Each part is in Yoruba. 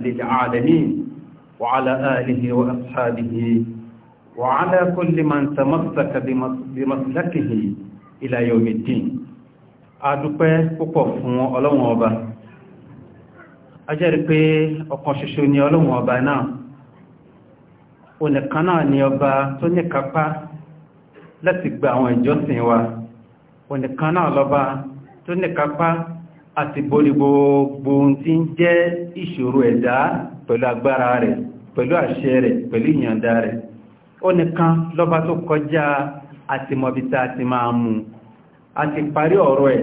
للعالمين وعلى آله وأصحابه وعلى كل من تمسك بمسلكه إلى يوم الدين adúpẹ́ púpọ̀ fún ọlọ́run ọba a jẹ́rìí pé ọ̀kan ṣoṣo ni ọlọ́run ọba náà onìkan náà ni ọba tó ní kápá láti gba àwọn ìjọsìn wa onìkan náà lọ́ba tó ní kápá àti borí gbogbo tí ń jẹ́ ìṣòro ẹ̀dá pẹ̀lú agbára rẹ̀ pẹ̀lú àṣẹ rẹ̀ pẹ̀lú ìyànda rẹ̀ ó nìkan lọ́ba tó kọjá àtìmọ̀bìta àti máa mú àti parí ọ̀rọ̀ ẹ̀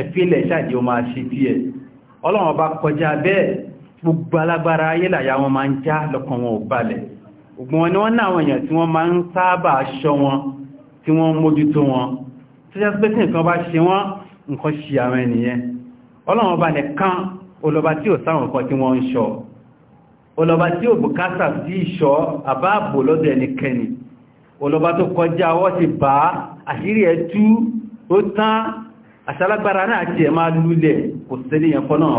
ẹ̀fílẹ̀ ṣáàdì ó máa ṣe tí ẹ̀ ọlọ́wọ́n bá kọjá bẹ́ẹ̀ ni ọlọ́run ọba nìkan olọba tí ò sáwọn nǹkan tí wọ́n ń ṣọ́ olọba tí ò bùkátà sí ìṣọ́ àbáàbò lọ́dọ̀ ẹnikẹ́ni olọba tó kọjá ọwọ́ ti bá àṣírí ẹ̀ tú ó tán àṣálágbára náà ti ẹ̀ máa lulẹ̀ kò sẹ́lẹ̀ yẹn fọ́ náà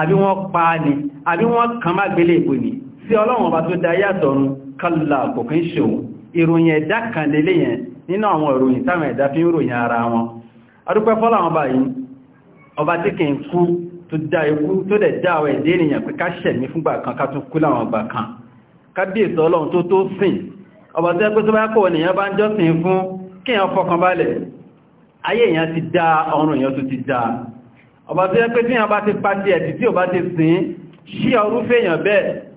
àbí wọ́n pa ni àbí wọ́n kàn má gbélé ìbò ni sí ọlọ́run ọba tó dáyà tọ̀run kọlá kòkín ṣeun ìròyìn ẹ̀dá kan lélé yẹn nínú àwọn ìròyìn táwọn ẹ̀dá fi ń ròyìn ara wọn adúpẹ́ fọ́lá wọn báyìí ọba tí kìí kú tó dá ikú tó dẹ̀ dá àwọn ẹ̀dẹ́ ènìyàn pé ká ṣẹ̀mí fúngbà kan ká tún kú láwọn ọgbà kan kábíyèsí ọlọ́run tó tó sìn ọba tó ẹgbẹ́ tó bá kọ̀ fún kí ọrúfẹ́ èèyàn bẹ́ẹ̀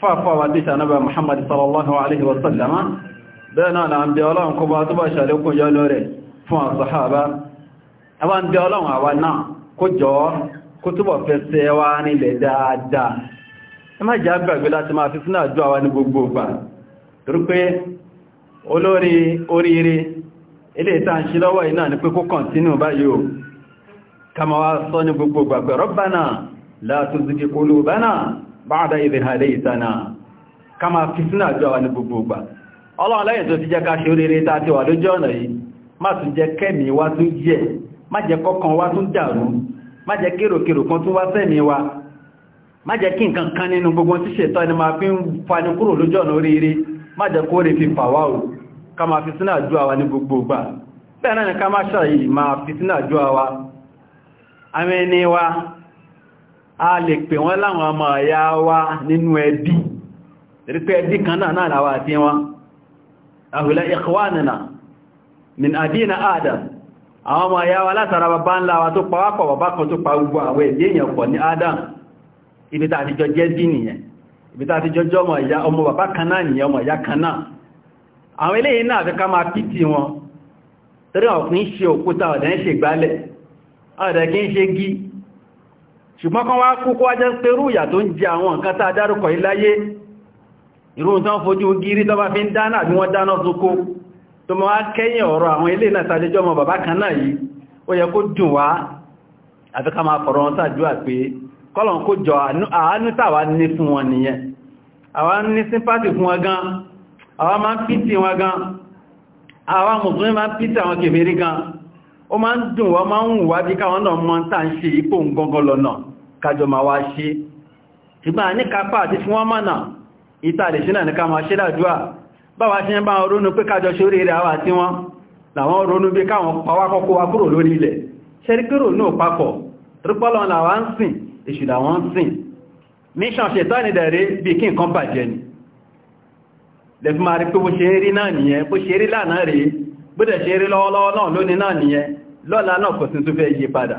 fàfà wà dìṣà náà Muhammad sallallahu alaihi wasallama bẹ́ẹ̀ náà na ń bí ọlọ́run kó bá tó bá ṣàlékún yọ lórí fún àṣàhábá ẹwà ń bí ọlọ́run àwa náà kó jọ kó túbọ̀ fẹ́ sẹ́ wá nílẹ̀ dáadáa ẹ má jẹ́ àgbàgbé láti máa fi sínú àjọ àwa ní gbogbo ìgbà torí pé olórí oríire ilé ìta ṣe lọ́wọ́ iná ní pé kó kọ̀ntínú báyìí o kama wá sọ ní gbogbo ìgbà pé Rabbana la tuzigi qulubana báadá ìdè hàdé ìtànà kama fìtínà jọ wa ní gbogbo ìgbà ọlọ́run lẹ́yìn tó ti jẹ́ ká ṣe oríire tá ti wà l'ójọ́ ọ̀nà yìí má tún jẹ kẹ́mì wá tún má kọ́kàn wá tún dàrú má kan tún wá wa má jẹ kí nǹkan kan nínú gbogbo tí ṣètọ́ máa fi ń fani kúrò ọ̀nà oríire má kó fi fà wá o ká máa jọ wa ní bẹ́ẹ̀ náà ni ká má máa jọ wa àmì a lè pè wọ́n láwọn ọmọ ìyá wa nínú ẹbí rípẹ́ ẹbí kan náà náà láwà àti wọn àhùlẹ̀ ikhwanina min adina adam àwọn ọmọ ìyá wa látara bàbá ńlá wa tó pàwápọ̀ bàbá kan tó pa gbogbo àwọn adam ibi tá àtijọ́ jẹ́ sí nìyẹn ibi tá àtijọ́ jọ ọmọ ìyá ọmọ bàbá kan náà nìyẹn ọmọ ìyá kan náà àwọn eléyìí náà ṣùgbọ́n kan wá kúkú wájẹ́ pẹ̀rú ìyà tó ń jẹ àwọn nǹkan tá dárúkọ iláyé ìrún tán fojú gírí tó bá fi ń dáná àbí wọ́n dáná tókó tó mọ́ wá kẹ́yìn ọ̀rọ̀ àwọn ilé náà sàdéjọ́ ọmọ bàbá kan náà yìí ó yẹ kó dùn wá àti ká máa fọ̀rọ̀ wọn sàdúrà pé kọ́lọ̀n kó jọ àánú tàwa ní fún wọn nìyẹn ń dùn wọ́n máa ń wù bí káwọn náà mọ́ ń tà ipò ń gọ́gọ́ lọ náà kájọ ma wá ṣe ṣùgbọ́n ní kápá àti fi wọ́n mọ́nà ìtàlẹ̀ sínà ní ká ma ṣe dájúwà báwa ṣe ń bá ronú pé kájọ ṣe orí rẹ̀ àwà tí wọ́n làwọn ronú bí káwọn pàwákọ́kọ́ wa kúrò lórí ilẹ̀ ṣẹ́ríkúrò náà papọ̀ rípọ́lọ́ làwá ń sìn èṣù làwọn ń sìn ṣe rí náà nìyẹn bó ṣe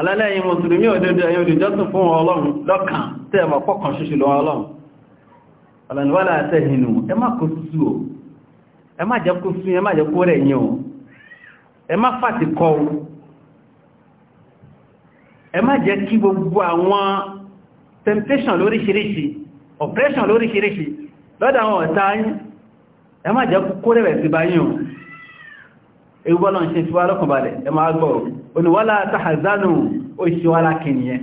alálẹ́yìn mùsùlùmí òdodo ẹ̀yin olùjọ́sìn fún ọlọ́run lọ́kàn tẹ́ ẹ̀mọ̀ pọ́kàn ṣoṣù lọ ọlọ́run ọ̀lànìwọ́lá àtẹ́hìnù ẹ má kó sú o ẹ má jẹ́ kó sú ẹ má jẹ́ kó rẹ̀ yìn o ẹ má fàtí kọ o ẹ má jẹ́ kí gbogbo àwọn temptation lóríṣiríṣi oppression lóríṣiríṣi lọ́dọ̀ àwọn ọ̀tá yín ẹ má jẹ́ kó rẹ̀ sí bá yìn o ewu bọ́lọ́ ń ṣe fi wá lọ́kànbalẹ̀ ẹ má gbọ́rọ̀ oníwọ́lá tàhàzánù oṣìwọ́lá kìnìyàn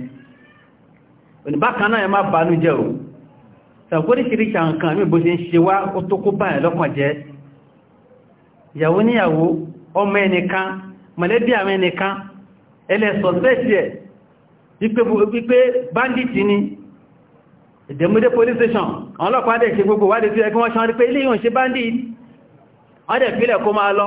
oníbákan náà ẹ má banú jẹ́ o sàgbóríṣiríṣi àǹkan mí bó ṣe ń ṣe wá ó tó kó báyẹ̀ lọ́kàn jẹ́ ìyàwó níyàwó ọmọ ẹnìkan mọ̀lẹ́bí àwọn ẹnìkan ẹlẹ́sọ̀sẹ́sì ẹ̀ banditi ni ìdẹ̀múdé police station àwọn ọlọ́pàá dẹ̀ ṣe gbogbo wádìí tí ẹgbẹ́ wọ́n ṣe wọ́n rí pé ilé wọ́n dẹ̀ fílẹ̀ kó máa lọ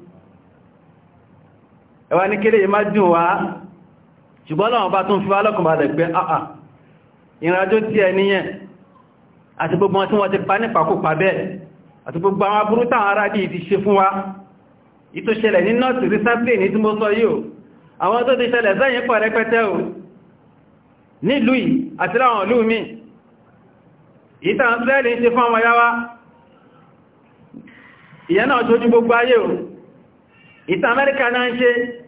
ẹwà ní kéde yìí má dùn wá ṣùgbọ́n náà bá tún fi wá lọ́kùnbalẹ̀ pé àà ìrìnàjò tí ẹ níyẹn àti gbogbo wọn tí wọ́n ti pa nípakópa bẹ́ẹ̀ àti gbogbo àwọn aburú táwọn bí i ti ṣe fún wa ìtò ṣẹlẹ̀ ní north recently ní tí mo sọ yìí o àwọn tó ti ṣẹlẹ̀ sẹ́yìn pọ̀ rẹpẹtẹ o nílùú yìí àti láwọn ìlú mi ìtàn Ísírẹ́lì ń ṣe fún ọmọ yáwá ìyẹn náà tójú gbogbo ayé o ìtàn Amẹ́ríkà náà ń ṣe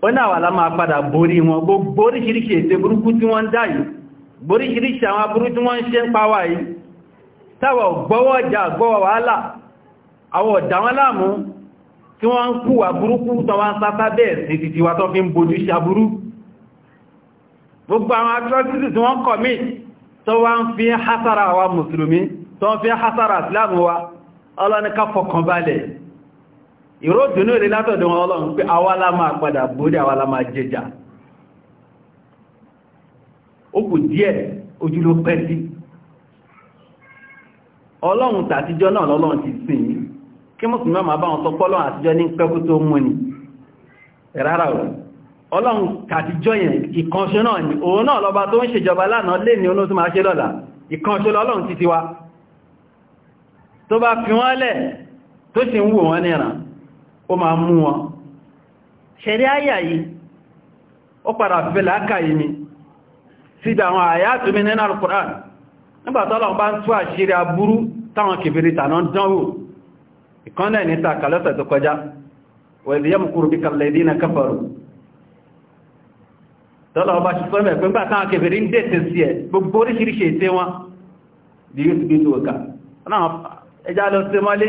ó náà wà lámà padà borí wọn gbogbo oríṣiríṣi ètè burúkú tí wọ́n ń dá yìí boríṣiríṣi àwọn aburú tí wọ́n ń ṣe ń pa wá yìí táwọ̀ gbọ́wọ́ ọjà gbọ́wọ́ wàhálà àwọn ọ̀dà wọn láàmú tí wọ́n ń kú àbúrúkú tán sáfá bẹ́ẹ̀ wa mùsùlùmí tó ń fi hására islam ìró dùnú rí látọ̀dọ̀ wọn ọlọ́run pé àwa la máa padà borí àwa la máa jẹjà ó kù díẹ̀ ojú ló pẹ́ sí ọlọ́run tàtijọ́ náà lọ́lọ́run ti sìn yí kí mùsùlùmí máa bá wọn sọ pọ́lọ́run àtijọ́ ní pẹ́kú tó mú ni rárá o ọlọ́run tàtijọ́ yẹn ìkànṣe náà ni òun náà lọ́ba tó ń ṣèjọba lánàá lé ní olóòtú máa ṣe lọ́la ìkànṣe lọ́lọ́run ti tiwa tó bá fi wọ́n lẹ̀ tó sì ń wò wọ́n níran ó máa mú wọn ṣẹ̀rí àyà yìí ó padà fẹ́lẹ̀ ákà yìí ni sídà àwọn àyàtùmí nínú Al-Qur'an nígbàtọ́lọ̀ bá ń tú àṣírí aburú táwọn kèfèrè tàná dánwò ìkọ́nlẹ̀ ní tàkàlọ́sẹ̀ tó kọjá wẹ̀lú yẹ́ mùkúrù bí kàlẹ̀ ìdí na káfàrù tọ́lọ̀ bá ṣe sọ́mẹ̀ pín pàtàkì kèfèrè ń dẹ̀tẹ̀ sí ẹ̀ gbogbo oríṣiríṣi ètè wọn di yóò ti gbé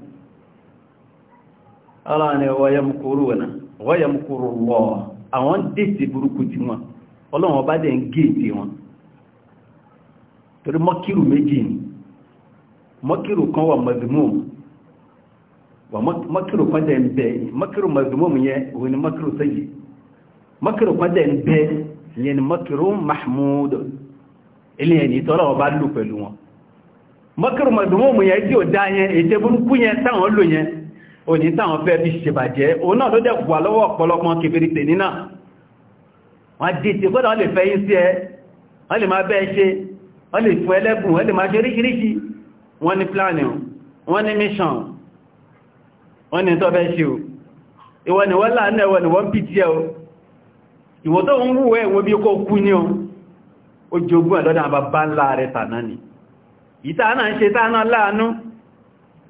Allah ni wayamkuru Allah àwọn dètè burúkú ti wọn ọlọ́run ọba dẹ̀ ń gèèdè wọn torí mọ́kírù méjì ni mọ́kírù kan wà mọ̀dùmọ́mù Wa mọ́kírù kan dẹ̀ ń bẹ mọ́kírù mọ̀dùmọ́mù yẹn òun ni mọ́kírù sẹ́yì mọ́kírù kan dẹ̀ ń bẹ yẹn ni mọ́kírù mahmud eléyẹn ni tọ́lọ́ ọba lù pẹ̀lú wọn mọ́kírù mọ̀dùmọ́mù yẹn tí ò dá yẹn ètè burúkú yẹn táwọn lò yẹn òní táwọn fẹ́ bí ṣèbàjẹ́ òun náà ló dẹ̀ wà lọ́wọ́ ọ̀pọ̀lọpọ̀ kèfèrè tèní náà wọ́n dìtì kódà wọ́n lè fẹ́ yí sí ẹ wọ́n lè máa bẹ́ẹ̀ ṣe wọ́n lè fún ẹlẹ́bùn wọ́n lè máa ṣe oríṣiríṣi wọ́n ní plánì wọ́n ní mission wọ́n ní tọ́fẹ́ ṣe o ìwọ ni wọ́n láàánú ẹwọ ni wọ́n pìtì ẹ o ìwọ tó ń wù ẹ wo bí kó kú ní o ó jogún ẹ̀ lọ́dọ̀ àbá bá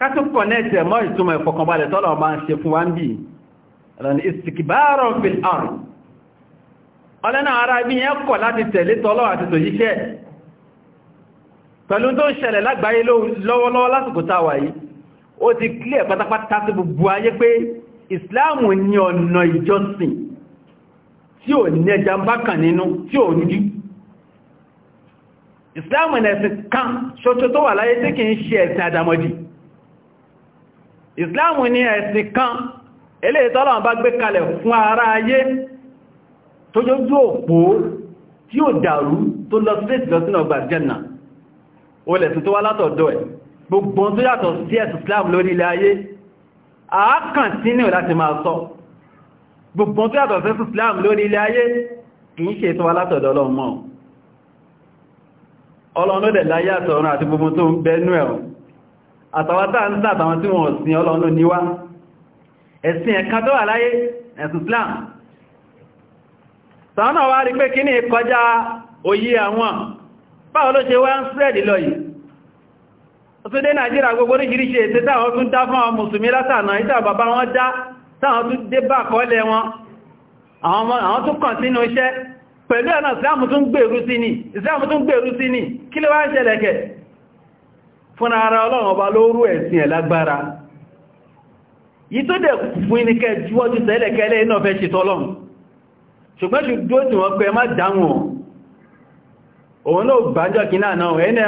kátún kọ̀nẹ́tì ẹ̀mọ́ ìtumọ̀ ìfọ̀kànbalẹ̀ tọ́lọ̀ máa ń ṣe fún wa ń bí ọ̀lọ́ni ìsìkìbáàrọ̀ fil ard ọlẹ́nà ara ibi yẹn kọ̀ láti tẹ̀lé tọ́lọ̀ àti tòyíṣẹ́ pẹ̀lú tó ń ṣẹlẹ̀ lágbàáyé lọ́wọ́lọ́wọ́ lásìkò kan ìsìláàmù ni ẹ̀sìn kan eléyìí tọ́lọ́run bá gbé kalẹ̀ fún ara ayé tó jójú òpó tí ó dàrú tó lọ sí ìsìlọ sínú ọgbà jẹ́nà olẹ̀sìn tó wá látọ̀dọ̀ ẹ̀ gbogbo tó yàtọ̀ sí ẹ̀sìn islam lórí ilẹ̀ ayé àákàn tí ní láti máa sọ gbogbo tó yàtọ̀ sí ẹ̀sìn islam lórí ilẹ̀ ayé kì í ṣe tó wá látọ̀dọ̀ ọlọ́run mọ́ ọlọ́run ló dẹ̀ láyé àtọ̀run àti gbogbo tó ń bẹ́nú ẹ̀rùn àtàwátà ń tàtàwọn tí wọ́n sin ọlọ́run níwá ẹ̀sìn ẹ̀ka tó wà láyé ẹ̀sìn Islam sàánà wá rí pé kí ní kọjá òye àwọn báwo ló ṣe wá ń sẹ́ẹ̀dì lọ yìí ó tún dé Nàìjíríà gbogbo oríṣìíríṣìí ètẹ́ táwọn tún dá fún àwọn mùsùlùmí látànà ìta bàbá wọn dá táwọn tún ni kí ló fún ara ọlọ́run ọba lóòrú ẹ̀sìn ẹ̀ lágbára yìí tó dẹ̀ fún inikẹ́ jíwọ́jú tẹ́lẹ̀kẹ́lẹ́ iná fẹ́ ṣe tọ́lọ́run ṣùgbọ́n ṣùgbó tí wọ́n pẹ má dáhùn òun náà gbájọ́ kí náà náà ẹni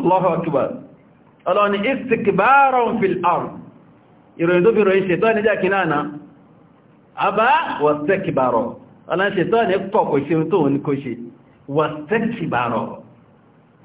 Allahu Akbar ọlọ́ni istikbaron fil ard ìròyìn tó fi ròyìn ṣètọ́ ní jẹ́ kí náà náà àbá wọ́n tẹ́kìbàrọ̀ ọlọ́ni ṣètọ́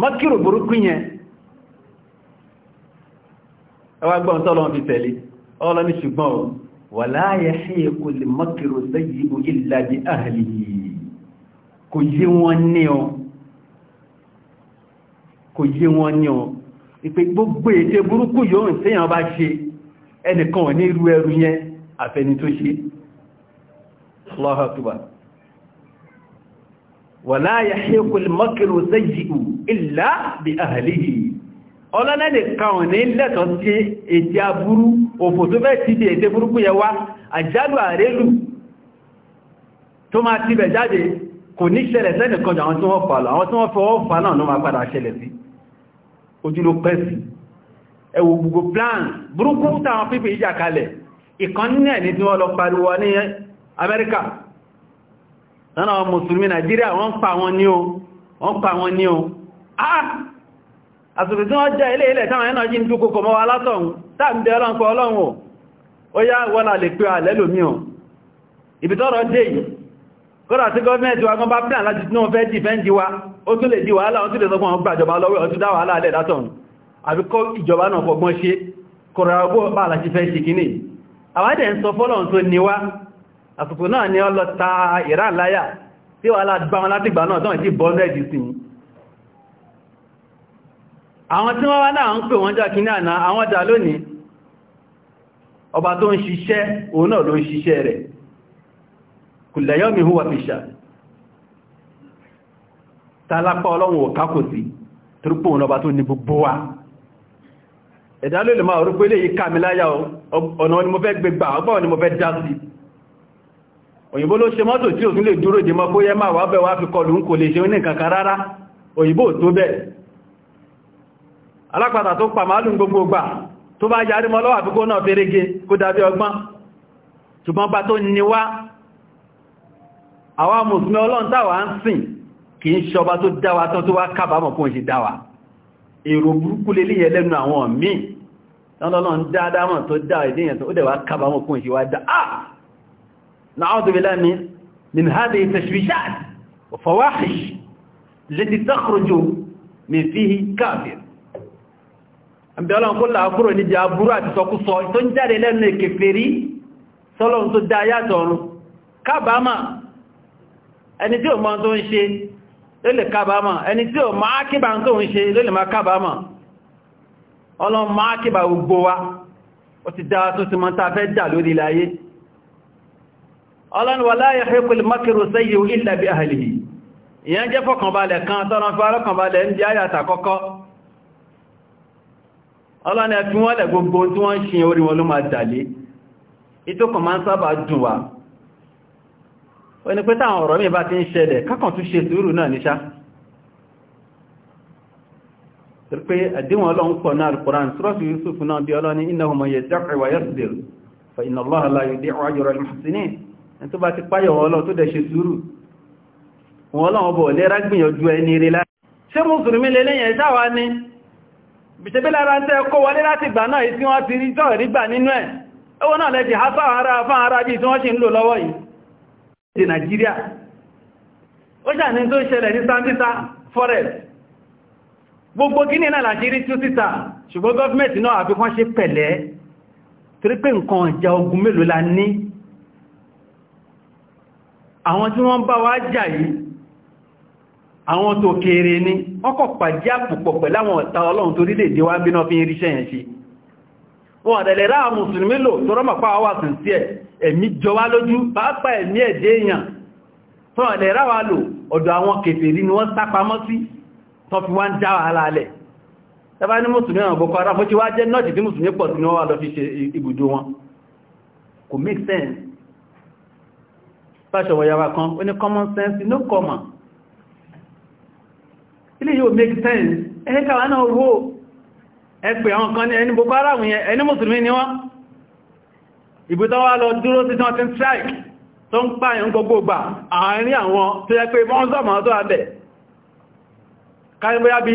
mọ́kírò burúkú yẹn ẹwà gbọ́n tọ́lọ́ fi tẹ̀lé ọlọ́ ní ṣùgbọ́n wà láyé ṣíyẹ kò lè mọ́kírò sẹ́yí illa bi ahlihi kò yé wọn ní ọ kò yé wọn ní ọ ìpé gbogbo èdè burúkú yóò ń bá ṣe ẹnìkan ní irú ẹrù yẹn àfẹni tó ṣe Allahu wàlá yàṣẹ́kùl mọ́kìrò sẹ́yìí ìlà bí ahàlìhì ọlọ́lẹ́dẹ̀ kàwọn ní lẹ́tọ̀ sí ètì aburú òfò tó fẹ́ ti di ètè burúkú yẹ wá àjálù àrélù tó máa ti bẹ̀ jáde kò ní ṣẹlẹ̀ sẹ́nì kan àwọn tí wọ́n fà lọ àwọn tí wọ́n fọwọ́ fà lọ́nà àwọn mùsùlùmí nàìjíríà wọ́n pa wọn ní o wọ́n pa wọn ní o ah àsìkò tí wọ́n jẹ́ ilé ilẹ̀ táwọn ẹ̀nà jí ń dúkò kò mọ́ wa látọ̀hún táàbí ọlọ́nkọ ọlọ́run o ó yá wọ́n lè pé alẹ́ lómi o ibi tọ́rọ dé yìí kọ́dà tí gọ́ọ̀mẹ́ntì wa gan bá plan láti wa ó tún lè di wàhálà ó tún lè sọ́kùn ọgbà ìjọba lọ́wọ́ ọtún dá wàhálà alẹ́ látọ̀hún àbí ń sọ fọ́lọ̀ tó ní àsìkò náà ni ọlọ ta Iran láyà tí wà láàgbà wọn látìgbà náà tán ìdí bọ́ọ̀lẹ́dì sí àwọn tí wọ́n wá náà ń pè wọ́n jà kí ní àná àwọn dà lónìí ọba tó ń ṣiṣẹ́ òun náà ló ń ṣiṣẹ́ rẹ̀ kùlẹ̀yọ́mì húwà fìṣà tálápá ọlọ́run ò kákò sí torípò ni mo fẹ́ gbẹgbà ọgbà ni mo òyìnbó ló ṣe mọ́tò tí òfin lè dúró jẹmọ́ kó yẹ máa wà bẹ̀ wá fi kọlù ń kò lè ṣe ní kankan rárá òyìnbó tó bẹ̀ alápàtà tó pa màálù gbogbo gbà tó bá yarí mọ́ lọ́wà fíkó náà fẹ́rẹ́gẹ kó dàbí ọgbọ́n ṣùgbọ́n bá tó níwá àwa mùsùlùmí ọlọ́run táwa ń sìn kì í ṣọba tó dáwà tán نعوذ بالله من من هذه التشويشات والفواحش التي تخرج من فيه كافر àbí ọlọ́run kó làákúrò ní jẹ àbúrú àti sọkúsọ tó ń jáde lẹ́nu ìkèfèrí sọ́lọ́run tó dá ayátọ̀ ọ̀run kábàámà ẹni tí ò mọ̀ tó ń ṣe ló lè kábàámà ẹni tí ò máa kíbà tó ń ṣe ló lè máa kábàámà ọlọ́run máa kíbà gbogbo wa ó ti dá tó ti mọ́ tá fẹ́ dà lórí ilẹ̀ ayé ọlọ́run wà láyé hẹ́kùl makiru sayyi illa bi ahlihi ìyẹn jẹ́ fọ́kànbalẹ̀ kan tọ́rọ fọ́rọ̀kànbalẹ̀ ń di ayàtà kọ́kọ́ ọlọ́run ẹ̀fí wọ́n lẹ̀ gbogbo tí wọ́n ṣe orí wọn ló máa dàlé ìtókùn máa ń sábà dùn àdíwọn ọlọ́run pọ̀ náà al-Qur'an Yusuf náà bí ọlọ́ni innahu man yattaqi wa yasbir fa inna Allaha la yudi'u ajra al-muhsinin ẹni tó bá ti páyọ̀ wọn Ọlọ́run tó dẹ̀ ṣe sùúrù wọn Ọlọ́run bọ̀ lẹ́rá gbìyànjú ẹni rí lára ṣé mùsùlùmí lélẹ́yìn ṣáwa ni bìṣẹ́bí lára tẹ́ kó wọlé láti gbà náà tí wọ́n ti rí tọ́ rí gbà nínú ẹ̀ ẹwọ́n forest gbogbo kíní náà làjírí tú síta ṣùgbọ́n gọ́ọ̀mẹ́ntì náà àfikún ṣe pẹ̀lẹ́ torí pé nǹkan àwọn tí wọ́n bá wá jà yìí àwọn tó kéré ní ọkọ̀ pàdé àpùpọ̀ pẹ̀láwọn ọ̀tá ọlọ́run tó rílẹ̀ èdè wá bínú fi ríṣẹ́ yẹn sí wọn àdẹ̀lẹ̀ ráà mùsùlùmí lò tó rọ́mà pàá wà sùn sí ẹ̀ ẹ̀mí jọ wá lójú pàápàá ẹ̀mí ẹ̀dẹ́ èèyàn fún àdẹ̀ ráà lò ọ̀dọ̀ make sense fáṣọwọ̀yàwà kan ó ní common sense no common ilé yóò make sense ẹni káwà náà wó ẹgbẹ̀ àwọn kan ní ẹni boko haram yẹn ẹni mùsùlùmí ni wọ́n ìbútọ́wà lọ dúró sí tán ti ń strike tó ń pààyàn gbogbo gbà àárín àwọn tó yẹ pé wọ́n sọ́mọ̀ tó àbẹ̀ káyẹ̀bóyá bí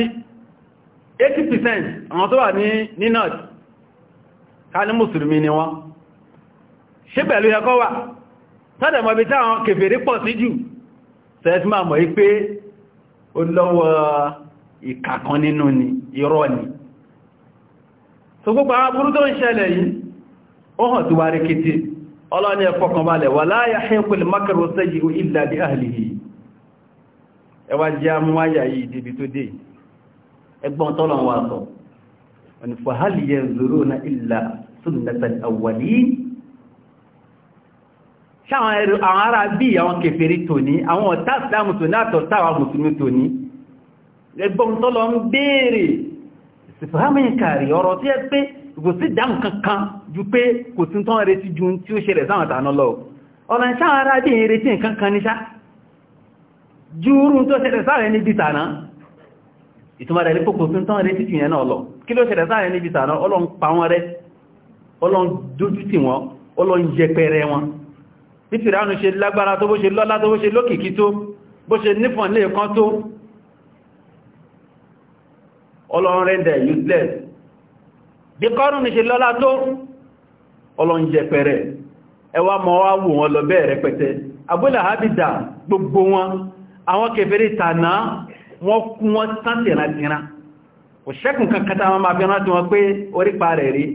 80% àwọn tó wà ní nínú ká ní mùsùlùmí ni ṣe pẹ̀lú ẹkọ́ wà sọ́dẹ̀ mọ̀ bí táwọn kèfèrí pọ̀ sí jù sẹ́ẹ̀tí máa mọ̀ pé ó lọ́wọ́ ìkàkan nínú ni irọ́ ni so gbogbo àwọn burú tó ń ṣẹlẹ̀ yìí ó hàn tí wà rí kété ọlọ́ni ẹ̀kọ́ kan balẹ̀ wà láyá hẹ́kùn ṣáwọn àwọn ará bí àwọn kèfèrí tòní àwọn ọ̀tá ìsìlámù tòní àtọ̀táwà mùsùlùmí tòní ẹgbọ́n tọ́lọ ń béèrè ìsìfàmìkàrí ọ̀rọ̀ tí ẹ pé kò sí dáhùn kankan ju pé kò tí tán retí ju tí ó ṣẹlẹ̀ sáwọn àtànà lọ ọ̀nà ṣáwọn ará bí i retí nǹkan kan níṣá ju rú tó ṣẹlẹ̀ sáwọn rẹ̀ sáwọn ọlọ́n pa wọn bí fìránù ṣe lágbára tó bó ṣe lọ́lá tó bó ṣe lókìkí tó bó ṣe nífọ̀n lè kán tó ọlọ́run rẹ̀ useless bí kọ́rùn ní ṣe lọ́lá tó ọlọ́run ẹwà mọ́ wá wọn lọ bẹ́ẹ̀ gbogbo wọn àwọn kú wọn tán wọn máa fi rántí wọn pé orípa rẹ̀ rí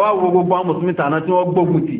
wo gbogbo tí wọ́n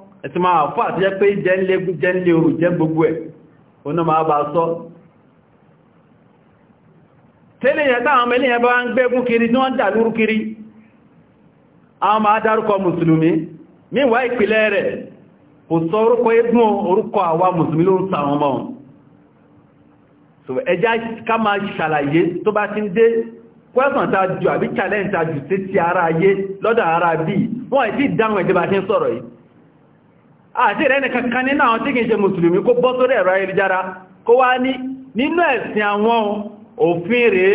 ẹ̀tí máa fà tí yẹ́ pé jẹ́nlé jẹ́nlé orù jẹ́ gbogbo ẹ̀ oní máa bá sọ tẹ́lẹ̀ yẹn táwọn ọmọ eléyẹn bá ń gbégún kiri tí wọ́n dà lúrú kiri àwọn máa dárúkọ mùsùlùmí míwá ìpìlẹ̀ rẹ̀ kò sọ orúkọ ẹgbùn orúkọ àwa mùsùlùmí ló ń sa àwọn ọmọ wọn so ẹjá ká máa ṣàlàyé tó bá ti ń dé kwẹ́sàn tá jù àbí challenge tá jù sí ara ayé lọ́dọ̀ ara bí wọ́n ti dáhùn ẹ̀jẹ́ bá ti ń sọ̀rọ̀ yìí àti ìrẹ́ni kankan nínú àwọn tí kìí ṣe mùsùlùmí kó bọ́ sórí ẹ̀rọ ayélujára kó wá ní nínú ẹ̀sìn àwọn òfin rèé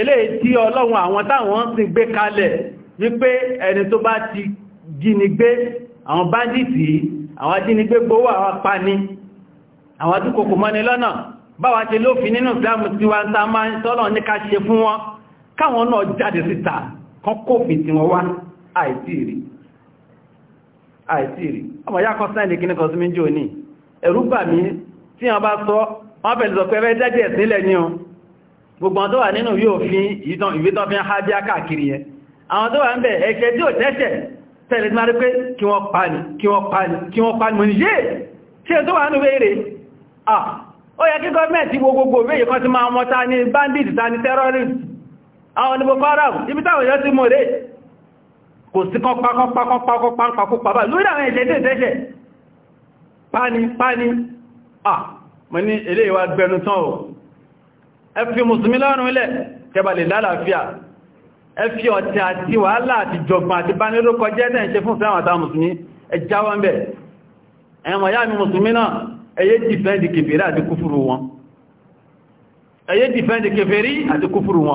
eléyìí tí ọlọ́run àwọn táwọn sì gbé kalẹ̀ wípé ẹni tó bá ti jínigbé àwọn báńdìtì àwọn ajínigbé gbówó àwọn apani àwọn adúkòkò mọ́ni lọ́nà báwa ti lófin nínú ìsìlámù tí wá ń ta àìsírí ọmọ ya kan sáìlì kí ní kan súnmí jò ní ẹ̀rúgbà mi tí wọ́n bá sọ wọ́n fẹ̀lẹ̀ sọ pé ẹgbẹ́ jẹ́jẹ́ sílẹ̀ ní o gbogbo tó wà nínú yóò fi ìwé tó fi ń ha bí káàkiri yẹn àwọn tó wà ń bẹ̀ ẹ̀kẹ́ tí ò tẹ́ṣẹ̀ tẹ́lẹ̀ tí máa rí pé kí wọ́n pa ní kí wọ́n pa ní kí wọ́n pa ní mo ní ah ó yẹ kí gọ́ọ̀mẹ̀ntì gbogbogbò wéyẹ kan ti máa mọ́ta ní bandit ta terrorist àwọn onígbogbo arab ibi táwọn yóò ti mọ̀ rèé kò sí kan pápápápápápápápápá lórí àwọn ẹ̀jẹ̀ dẹ̀dẹ̀ṣẹ̀ páni páni à ah, mọ́ ní ilé ìwà gbẹnu tán ò ẹ fi mùsùlùmí lọ́rùn ilẹ̀ tẹbàlè lálàáfíà ẹ fi ọ̀tẹ̀ àti wàhálà àti jọgbọ̀n àti bánilókọ jẹ́ tẹ́ ṣe fún fẹ́ràn àtà mùsùlùmí ẹ jáwọ́ mẹ́ ẹ̀mọ̀ yá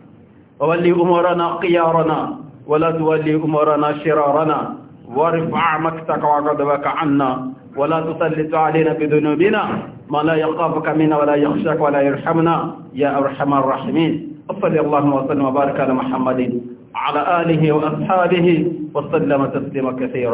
وولي أمورنا قيارنا ولا تولي أمورنا شرارنا وارفع مكتك وغضبك عنا ولا تسلط علينا بذنوبنا ما لا يخافك منا ولا يخشاك ولا يرحمنا يا أرحم الراحمين وصلى الله وسلم وبارك على محمد على آله وأصحابه وسلم تسليما كثيرا